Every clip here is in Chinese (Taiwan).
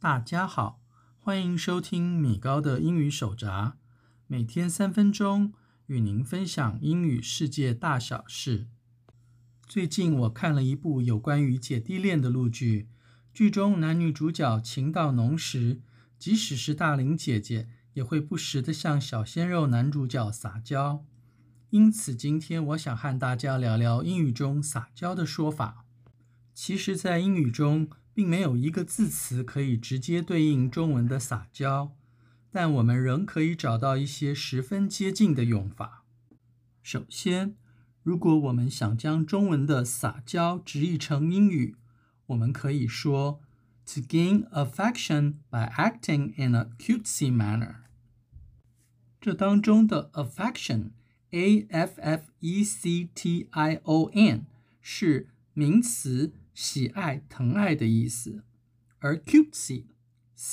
大家好，歡迎收聽米高的英語手札，每天三分鐘與您分享英語世界大小事。最近我看了一部有關於姐弟戀的陸劇，劇中男女主角情到濃時，即使是大齡姐姐也會不時地向小鮮肉男主角撒嬌。因此，今天我想和大家聊聊英語中撒嬌的說法。其實，在英語中，並沒有一個字詞可以直接對應中文的“撒嬌”，但我們仍可以找到一些十分接近的用法。首先，如果我們想將中文的“撒嬌”直譯成英語，我們可以說 “to gain affection by acting in a cutesy manner”。這當中的 “affection”（A-F-F-E-C-T-I-O-N） 是名詞。喜愛、疼愛的意思，而 cutesy（c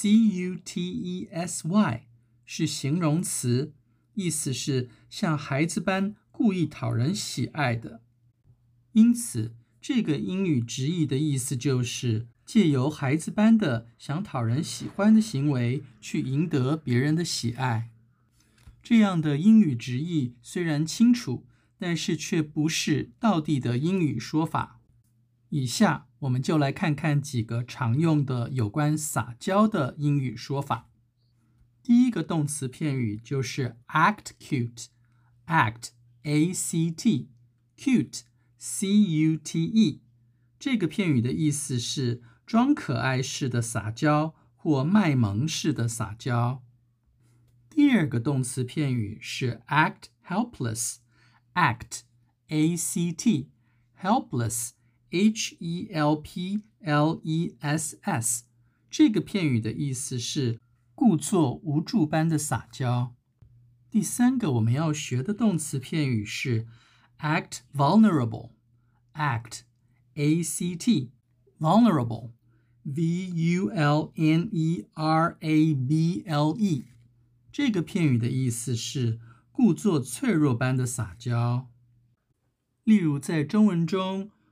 u t e s y） 是形容詞，意思是像孩子般故意討人喜愛的。因此，這個英語直譯的意思就是借由孩子般的想討人喜歡的行為去贏得別人的喜愛。這樣的英語直譯雖然清楚，但是卻不是道地的英語說法。以下，我們就來看看幾個常用的有關撒嬌的英語說法。第一個動詞片語就是 act cute，act a c t，cute c u t e，這個片語的意思是裝可愛式的撒嬌或賣萌式的撒嬌。第二個動詞片語是 act helpless，act a c t，helpless。H E L P L E S S，這個片語的意思是故作無助般的撒嬌。第三個我們要學的動詞片語是 act vulnerable，act A C T vulnerable V U L N E R A B L E，這個片語的意思是故作脆弱般的撒嬌。例如在中文中，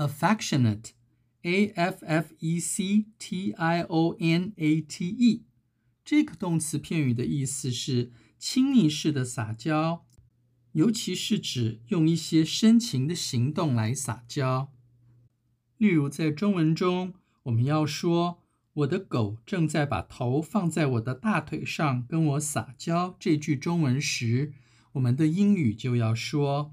Affectionate, a f f e c t i o n a t e，這個動詞片語的意思是親昵式的撒嬌，尤其是指用一些深情的行動來撒嬌。例如，在中文中，我們要說我的狗正在把頭放在我的大腿上跟我撒嬌，這句中文時，我們的英語就要說。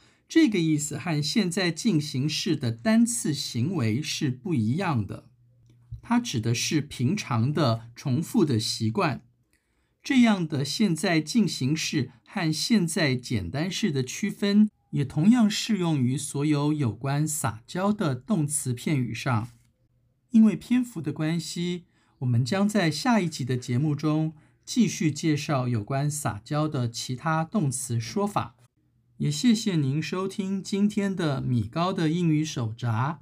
這個意思和現在進行式的單次行為是不一樣的，它指的是平常的重複的習慣。這樣的現在進行式和現在簡單式的區分，也同樣適用於所有有關撒嬌的動詞片語上。因為篇幅的關係，我們將在下一集的節目中繼續介紹有關撒嬌的其他動詞說法。也謝謝您收聽今天的米高的英語手札，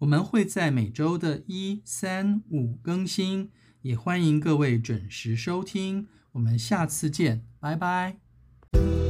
我們會在每周的一、三、五更新，也歡迎各位準時收聽，我們下次見，拜拜。